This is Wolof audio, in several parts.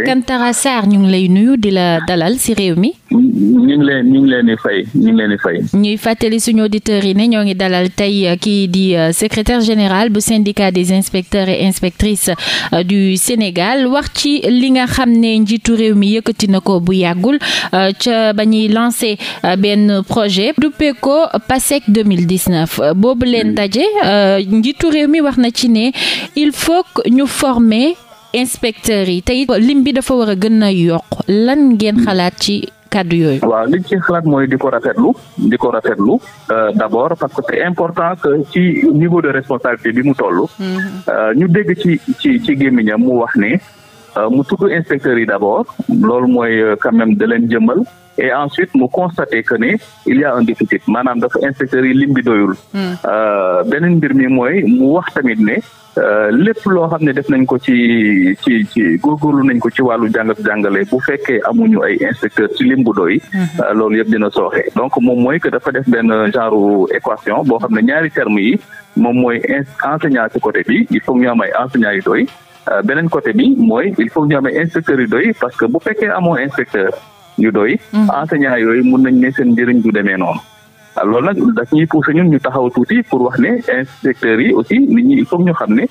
Alcantara Sarr ñu ngi lay nuyu di la dalal si réew mi. ñu ngi leen ñu fay ñu ngi leen di fay. fàttali suñu auditeurs yi ne ñoo ngi dalal tey euh, kii di euh, secrétaire général bu syndicat des inspecteurs et inspectrices euh, du Sénégal wax ci li nga xam ne njiitu réew mi yëkkati na ko bu yàggul ca ba ñuy lancé benn projet. duppee ko PASEC 2019 boobu leen daje njiitu réew mi wax na ci ne il faut ñu forme inspecteurs yi tey lim bi dafa war a gën a yokk lan ngeen xalaat ci kàddu yooyu. waaw liñ ci xalaat mooy di ko rafetlu di ko rafetlu euh, d'abord parce que c'est important que ci niveau de responsabilité bi mu toll. Mm-hmm. Euh, ñu dégg ci ci ci gémmiñam mu wax ne euh, mu tudd inspecteurs yi d'abord loolu mooy quand même leen jëmmal et ensuite mu constaté que ne il y un déficit maanaam dafa inspecteurs yi lim bi doyul. Mm. beneen mbir mi mooy mu wax tamit ne. Euh, lépp loo xam ne def nañ ko ci ci ci góorgóorlu nañ ko ci wàllu jàngat jàngale bu fekkee amuñu ay inspecteur ci lim bu doy mhm. euh, loolu yëpp dina sooxe donc moom mooy que dafa def benn genre équation boo xam ne ñaari termes yi moom mooy enseignant côté bi il faut ñu am ay enseignants yu doy euh, beneen côté bi mooy il faut ñu am ay inspecteurs yu doy parce que bu fekkee amoo inspecteur yu doy mhm. enseignants yooyu mun nañ ne seen njëriñ du demee noonu alors ah, nag daf ñuy poussé ñun ñu taxaw tuuti pour wax ne inspecteurs yi aussi nit ñi il faut ñu xam ne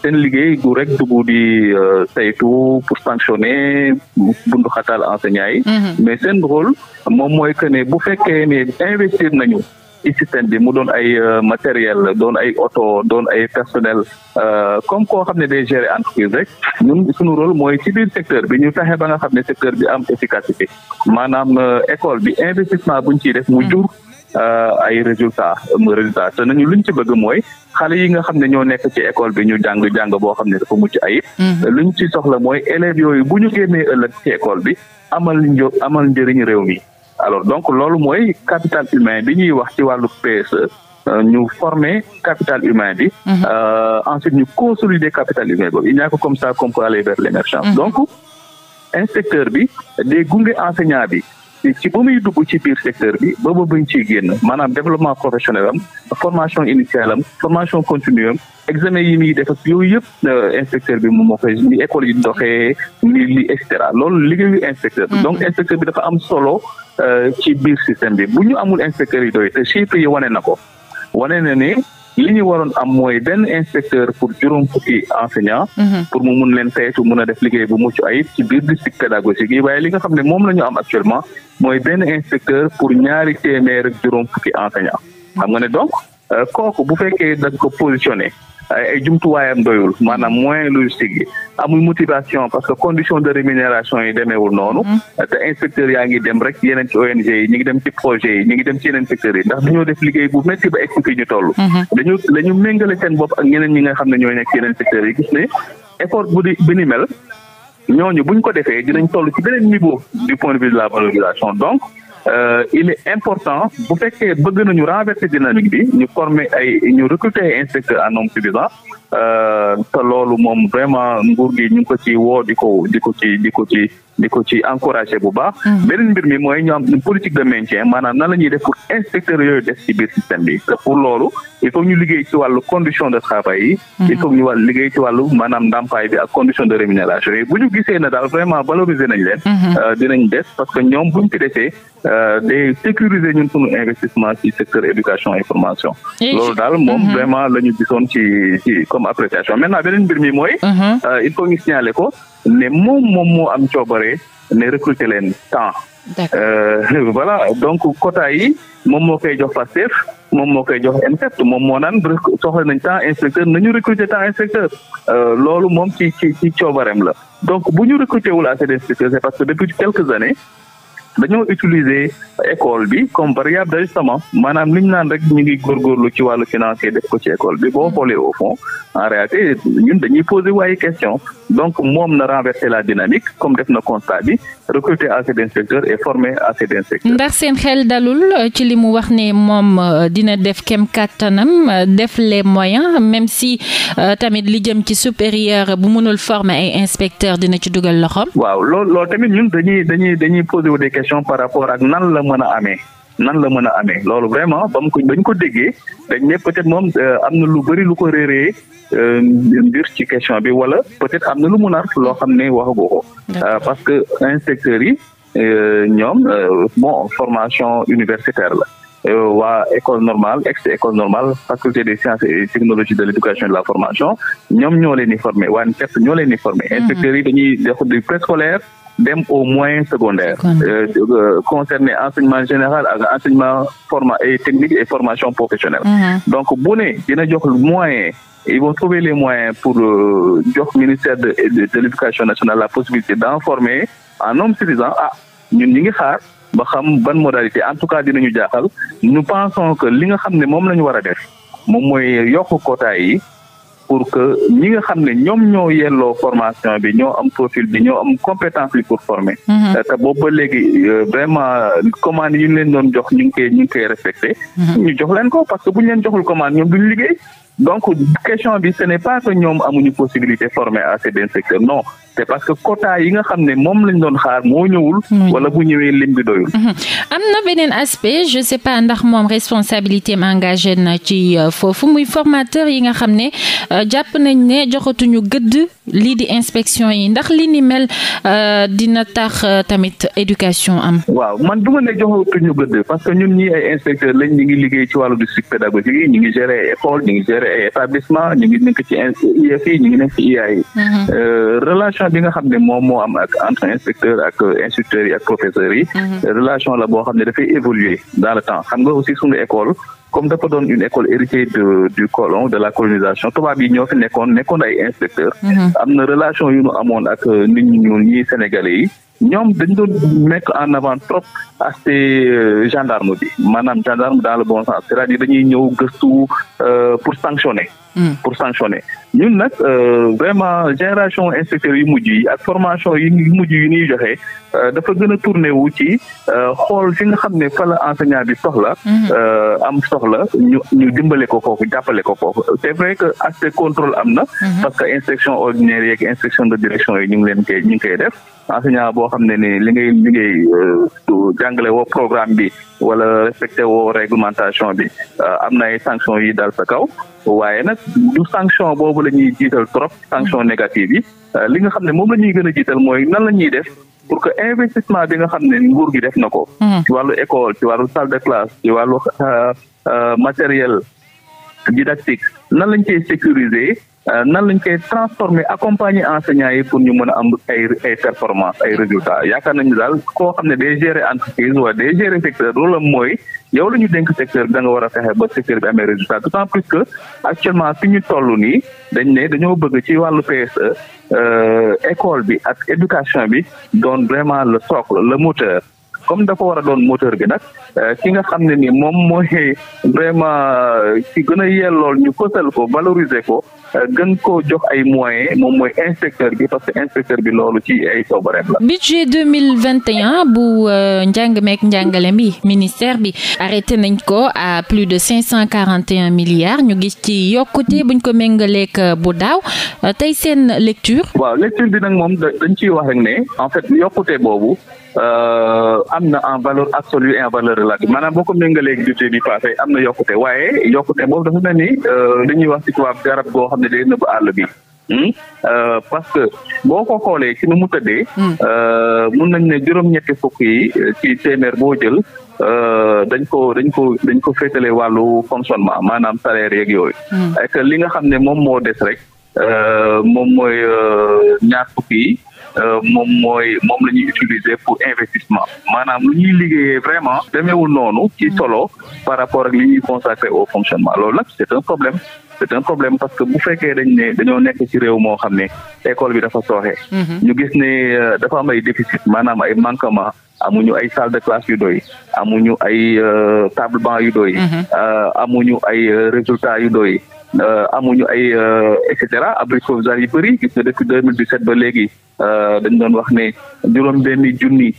seen liggéey du rek dugg di euh, saytu pour sanctionner bundu xatal enseignants yi. Mhm. mais seen rôle moom mooy que ne bu fekkee ne investir nañu. ci système bi mu doon ay euh, matériel doon ay oto doon ay personnel euh, comme koo xam ne day gérer entreprise rek ñun suñu rôle mooy ci biir secteur bi ñu fexe ba nga xam ne secteur bi am efficacité maanaam école bi investissement buñ ciy def mu mhm. jur Euh, ay résultats euh, résultats te nañu luñ ci bëgg mooy xale yi nga xam ne ñoo nekk ci école bi ñu jàng jàng boo xam ne dafa mucc ayib. Mhm. luñ ci soxla mooy élèves yooyu bu ñu génnee ëllëg ci école bi amal një amal njëriñ réew mi. alors donc loolu mooy capital humain bi ñuy wax ci wàllu PSE euh, ñu former capital humain bi. Mhm. ensuite ñu consolider capital humain boobu il n'y a que comme ça qu'on peut aller vers mhm. donc inspecteur bi de gunge enseignant bi. ci ba muy dugg ci biir secteur bi ba ba buñ ciy génn maanaam développement professionnel am formation initiale am formation continue am examen yi muy def ak yooyu yëpp euh, inspecteur bi moom moo koy ni école yi doxee ni li et lool loolu liggéeyu inspecteur mm-hmm. donc inspecteur bi dafa am solo euh, ci biir système bi bu ñu amul inspecteur yi doy te chiffre yi wane na ko wane ne li ñu waroon am mooy benn inspecteur pour juróom fukki enseignant mhm. pour mu mun leen saytu mun a def liggéey bu mucc ayib ci biir district pédagogique i waaye li nga xam ne moom la am actuellement mooy benn inspecteur pour ñaari téeméer ak juróom fukki enseignant xam nga ne donc Euh, kooku bu fekkee da ko positionné ay jumtuwaayam doyul maanaam moyen logistique yi amul motivation parce que condition de rémunération yi demeewul noonu mm-hmm. te inspecteurs yaa ngi dem rek yeneen ci ONG yi ñu ngi dem ci projet yi ñu ngi dem ci yeneen secteurs yi ndax dañoo def liggéey bu métti ba egsi ñu toll mm-hmm. dañu dañu méngale seen bopp ak ñeneen ñi nga xam ne ñooy nekk yeneen secteurs yi gis ne effort bu di bi ni mel ñooñu buñ ko defee dinañ toll ci beneen niveau du point de vue Euh, il est important bu fekkee bëgg nañu renverser dynamique bi ñu former ay ñu recruter ay inspecteurs nombre suffisant Euh, te loolu moom vraiment nguur gi ñu ngi ko ci woo di ko di ko ci di ko ci di ko ci encouragé bu baax. Mm-hmm. beneen mbir mi mooy ñu am une politique de maintien maanaam nan la ñuy def pour inspecteurs yooyu def ci biir système bi te pour loolu il faut ñu liggéey ci wàllu condition de travail yi. Mm-hmm. il faut ñu wàll liggéey ci wàllu maanaam ndàmpaay bi ak condition de rémunération yi bu ñu gisee ne daal vraiment valoriser nañ leen. Mm-hmm. Euh, dinañ des parce que ñoom buñ fi desee euh, day sécuriser ñun suñu investissement ci secteur éducation et formation. loolu daal moom vraiment la ñu gisoon ci ci am appréciation maintenant beneen mbir mi mooy. Mhm. Euh, il faut ñu signaler ko ne moom moom moo am coobare ne recruter leen temps. Euh, voilà donc quota yi moom moo koy jox Pastef moom moo koy jox MCET moom moo naan soxla nañ temps inspecteur nañu recruter temps inspecteur euh, loolu moom ci ci ci coobareem la donc bu ñu recruter wul assez c'est parce que depuis quelques années. dañoo utiliser école bi comme variable d'ajustement maanaam li ñu naan rek ñu ngi góor góorlu ci wàllu financier def ko ci école bi boo mm. xoolee au fond en réalité ñun dañuy poser waaye question donc moom na renverser la dynamique comme def na constat bi recruter assez d'inspecteurs et former assez d'inspecteurs. ndax seen xel dalul euh, ci li mu wax ne moom euh, dina def kem kattanam euh, def les moyen même si tamit li jëm ci supérieur bu mënul former ay inspecteurs dina ci dugal loxoom. question par rapport ak nan la mën a amee nan la mën a amee loolu vraiment ba mu ko ba ko déggee dañ ne peut-être moom euh, am na lu bëri lu ko réeree euh, mbir ci question bi wala peut-être am na lu mu nar loo xam ne waxagoo ko euh, parce que inspecteurs yi ñoom bon formation universitaire la waa école normale ex école normale faculté des sciences et technologies de l'éducation et de la formation ñoom ñoo leen di wa waa INPEP e ñoo leen mm-hmm. yi dañuy def du dem au moyen secondaire euh, euh, concerné enseignement général ak enseignement forma et technique et formation professionnelle mhm. donc bu ne dina jox moyen ils vont trouver les moyens pour euh, jox ministère de, de, de l'éducation nationale la possibilité d'en former en nombre suffisant ah ñun ñi ngi xaar ba xam ban modalité en tout cas dinañu jaaxal nous pensons que li nga xam ne moom la ñu war a def moom mooy yokk kota yi pour que ñi nga xam ne ñoom ñoo yelloo formation bi ñoo am profil bi ñoo am compétence bi pour former. Mhm. Euh, te boobu ba léegi euh, vraiment commande yi ñu leen doon jox ñu ngi koy ñu ngi koy respecté. Mhm. ñu jox leen ko parce que bu ñu leen joxul commande ñoom ñu liggéey donc question bi ce n'est pas que ñoom amuñu possibilité former à certains secteurs non. c'est parce que quota yi nga xam ne moom lañ doon xaar moo ñëwul. Hmm. wala bu ñëwee lim bi doyul. Hmm. am na beneen aspect je sais pas ndax moom responsabilité am engagé na ci euh, foofu muy formateur yi nga xam ne euh, jàpp nañ ne joxatuñu gëdd lii di inspection yi ndax li ni mel euh, dina tax tamit éducation am. waaw man duma ne joxatuñu gëdd parce que ñun ñi ay inspecteurs lañ ñu ngi liggéey ci wàllu district pédagogique yi ñu ngi gérer ay école ñu ngi gérer ay établissement ñu ngi nekk ci IEF ñu ngi nekk ci yi. relation bi nga xam moom am entre inspecteur ak instructeurs yi ak professeurs yi mhm. relation la boo xam ne dafay évoluer dans le temps xam nga aussi suñu école comme dafa doon une école héritée de du colon de la colonisation tubaab yi ñoo fi nekkoon nekkoon ay inspecteurs mhm. am na relation yu ñu amoon ak nit ñu ñuy sénégalais yi ñoom dañ doon mekk en avant trop aspect euh, gendarme bi maanaam gendarme dans le bon sens c'est-à-dire dañuy ñëw gëstu euh, pour sanctionner. Hmm. pour sanctionner ñun nag euh, vraiment génération inspecteurs yu mujj yi ak formation yu mujj yi ñuy joxe dafa gën a tourné wu ci xool fi nga xam ne fa la enseignant bi soxla. Hmm. am soxla ñu ñu dimbale ko foofu jàppale ko foofu c'est vrai que aspect contrôle am na. Hmm. parce que inspection ordinaire yeeg inspection de direction yi ñu ngi leen ñu ngi koy def. enseignant boo xam ne ni li ngay liggéey euh, jàngale woo programme bi wala respecté woo réglementation bi euh, am na ay sanctions yi daal sa kaw waaye nag du sanction boobu la ñuy jiital trop sanction négative yi euh, li nga xam ne moom la ñuy gën a jiital mooy nan la ñuy def pour que investissement bi nga xam ne nguur gi def na ko mm-hmm. ci wàllu école ci wàllu salle de classe ci wàllu matériel didactique nan lañ koy sécuriser Euh, nan lañ koy transformer accompagner enseignants yi pour ñu mën a am ay ay performance ay résultats yaakaar nañu daal koo xam ne day gérer entreprise wala day gérer secteur loolu mooy yow la ñu dénk secteur bi da nga war a fexe ba secteur bi amee résultat d'autant plus que actuellement fi ñu tollu nii dañ ne dañoo bëgg ci wàllu PSE euh, école bi ak éducation bi doon vraiment le socle le moteur comme dafa war a doon moteur bi nag euh, ki nga xam ne nii moom mooy vraiment ci gën a yellool ñu fësal ko valoriser ko gën koo jox ay moyens moom mooy inspecteur bi parce que inspecteur bi loolu ci ay soobare la. budget deux mille vingt et bu euh, njàng meek njàngale bi ministère bi arrêté nañ ko à plus de cinq cent quarante et un milliards ñu gis ci yokkute buñ ko méngaleek euh, bu daaw euh, tey seen lecture. waaw lecture bi nag moom da dañ ciy wax rek ne en fait yokkute boobu. am na en valeur absolue et en valeur relative maanaam boo ko méngalee budget bi passé am na yokkute waaye yokkute boobu dafa mel ni li ñuy wax ci tubaab garab goo ne day nëbb àll bi. Hmm? Euh, parce que boo ko xoolee ki nu mu tëddee. Hmm. Euh, mun nañ ne juróom-ñetti fukk yi euh, ci téeméer boo jël dañ ko dañ ko dañ ko féetale wàllu fonctionnement maanaam salaire yeeg yooyu. ak hmm. li nga xam ne moom moo des rek moom mooy ñaar fukk yi. Euh, moom mooy moom la ñuy utiliser pour investissement maanaam lu ñuy liggéeyee vraiment demeewul noonu ci mm. solo par rapport ak li ñuy consacré au fonctionnement lool nag c'est un problème c'est un problème parce que bu fekkee dañ ne dañoo nekk ci réew moo xam ne école bi dafa sooxee mm-hmm. ñu gis ne euh, dafa am ay déficit maanaam ay manquement amuñu ay salle de classe yu doy amuñu ay euh, table banc yu doy mm-hmm. amuñu ay résultats yu doy Euh, amuñu ay euh, et cetera abri provisoire yi bëri gis nga depuis 2017 ba léegi euh, dañ doon wax ne juróom-benni junni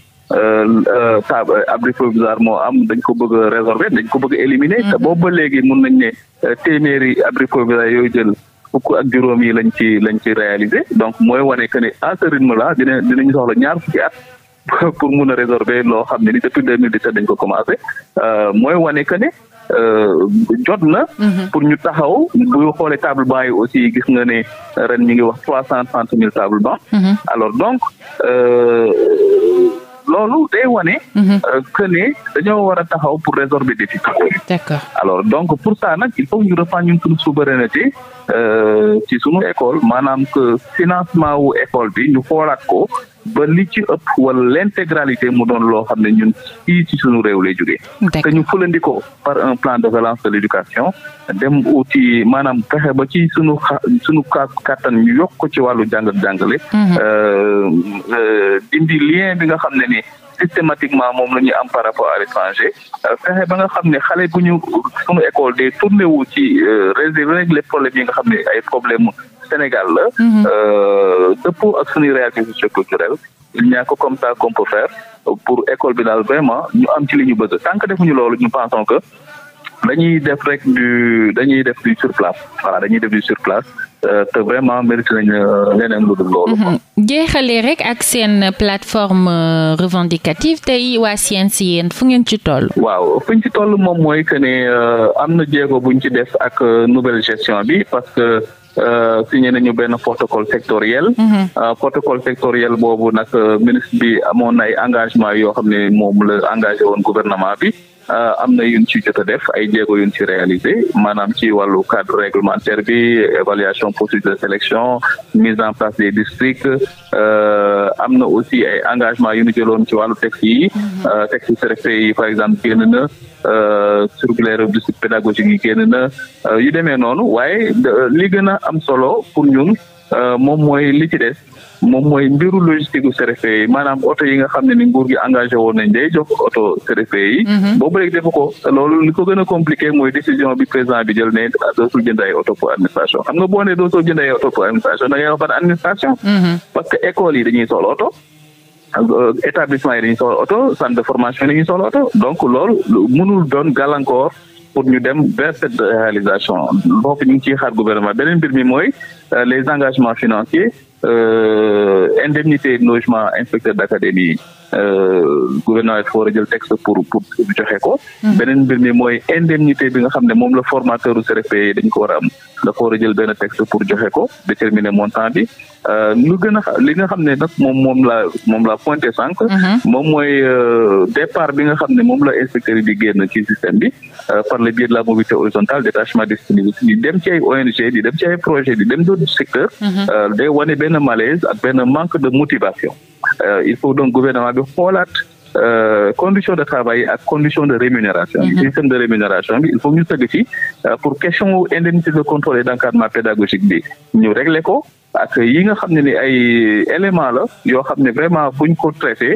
tab abri provisoire moo am dañ ko bëgg a résorber dañ ko bëgg a éliminer mm-hmm. te boobu ba léegi mun nañ ne téeméeri abri provisoire yooyu jël fukk ak juróom yi lañ ci lañ ci réaliser donc mooy wane que ne à ce rythme dina dinañu soxla ñaar fukki at pour mun a résorber loo xam ne ni depuis 2017 dañ ko commencé mooy wane que Euh, jot na. Mhm. pour ñu taxaw bu xoolee table banc yi aussi gis nga ne ren ñu ngi wax trois cent trente mille table banc. Mhm. alors donc euh, loolu day wane. Mhm. Euh, que ne dañoo war a taxaw pour résorber défi. d'accord alors donc pour ça nag il faut ñu reprendre ñun suñu souveraineté ci suñu école maanaam que financement wu école bi ñu xoolaat ko. ba li ci ëpp wala l'intégralité mu doon loo xam ne ñun ci suñu réew lay jóge te ñu fulandi ko par un plan de relance de l'éducation dem uti maanaam fexe ba ci suñu xa suñu kàttan ñu yokk ko ci wàllu jàng jàngale mhm. euh, euh, dindi lien bi nga xam ne ni systématiquement moom la ñu am par rapport à l'étranger euh, fexe ba nga xam ne xale bu ñu suñu école day tourné wu ci résoudre les problèmes yi nga xam ne ay problème Sénégal la. Mhm. Euh, dëppoo ak suñuy réalité socioculturelle il n'y a comme ça qu'on peut faire pour école bi daal vraiment ñu am ci li ñu bëgg tant defuñu loolu ñu pensons que dañuy def rek du dañuy def du sur place dañuy def du sur place. Euh, te vraiment mérité nañu euh, leneen lu dul loolu. Mhm. jeexalee rek ak seen plateforme revendicative tey waa CNC yéen fu ngeen ci toll. waaw fu ñu ci toll moom mooy que ne am na jéego buñ ci def ak nouvelle gestion bi parce que. Euh, signé nañu benn protocole sectoriel. Mhm. Euh, protocole sectoriel boobu nag euh, ministre bi amoon ay engagement yoo xam ne moom la engagé woon gouvernement bi. am na yuñ ci jot a def ay jéego yuñ ci réalisé maanaam ci wàllu cadre réglementaire bi évaluation processus de sélection mise en place des districts am na aussi ay engagement yu ñu jëloon ci wàllu texte yi. Mhm. texte CRFPE yi par exemple génn Euh, circulaire du cycle pédagogique yi génn na euh, yu demee noonu waaye euh, li gën a am solo pour ñun moom mooy li ci des moom mooy mbiru logistique u CRFPE yi maanaam oto yi nga xam ne ni nguur gi engagé woon nañ day jox oto CRFPE yi mhm. boobu léegi defu ko loolu li ko gën a compliqué mooy décision bi président bi jël ne dootul jënd ay pour administration xam nga boo ne dootul jënd ay oto pour administration da mhm. parce que école yi dañuy soxla oto Euh, établissement yi dañu soxla oto centre de formation yi dañu solo oto donc lool mënul doon gàllankoor pour ñu dem vers cette réalisation foofu ñu ngi ciy xaar gouvernement beneen mbir mi mooy euh, les engagements financiers euh, indemnité logement inspecteur d' académie yi Euh, gouvernement dafa war a jël texte pour pour joxe ko. Mhm. beneen mbir mi mooy indemnité bi nga xam ne moom la formateur u CRFPE dañ ko war a am dafa war a jël benn texte pour joxe ko déterminer montant bi lu euh, gën a li nga xam ne nag moom moom la moom la pointé sànq. Mhm. moom mooy euh, départ bi nga xam ne moom la inspecteur bi di génn ci système bi par le biais de la mobilité horizontale détachement distribué di dem ci ay ONG di dem ci ay projet di dem d'autres secteurs. Mhm. day wane benn malaise ak benn manque de motivation. Euh, il faut donc gouvernement bi xoolaat euh, condition de travail yi ak condition de rémunération bi mhm. système de rémunération bi il faut ñu tëgg ci euh, pour question indemnité de contrôle et d'encadrement pédagogique bi ñu régler ko ak yi nga xam ne ni ay élément la yoo xam ne vraiment buñ ko traité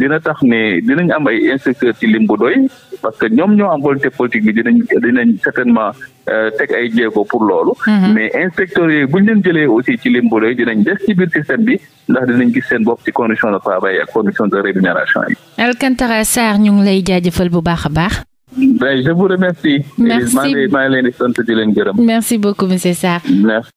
dina tax ne dinañ am ay inspecteurs ci lim bu doy parce que ñoom ñoo am volonté politique bi dinañ dinañ certainement euh, teg ay jéego pour loolu. Mhm. mais inspecteurs yooyu bu ñu leen jëlee aussi ci lim dinañ des ci biir système bi ndax dinañ gis seen bopp ci condition de travail ak condition de rémunération yi. Alcantara Sarr ñu ngi lay jaajëfal bu baax a baax. je vous remercie. merci maa leen di sant di leen gërëm. merci beaucoup monsieur Sarr.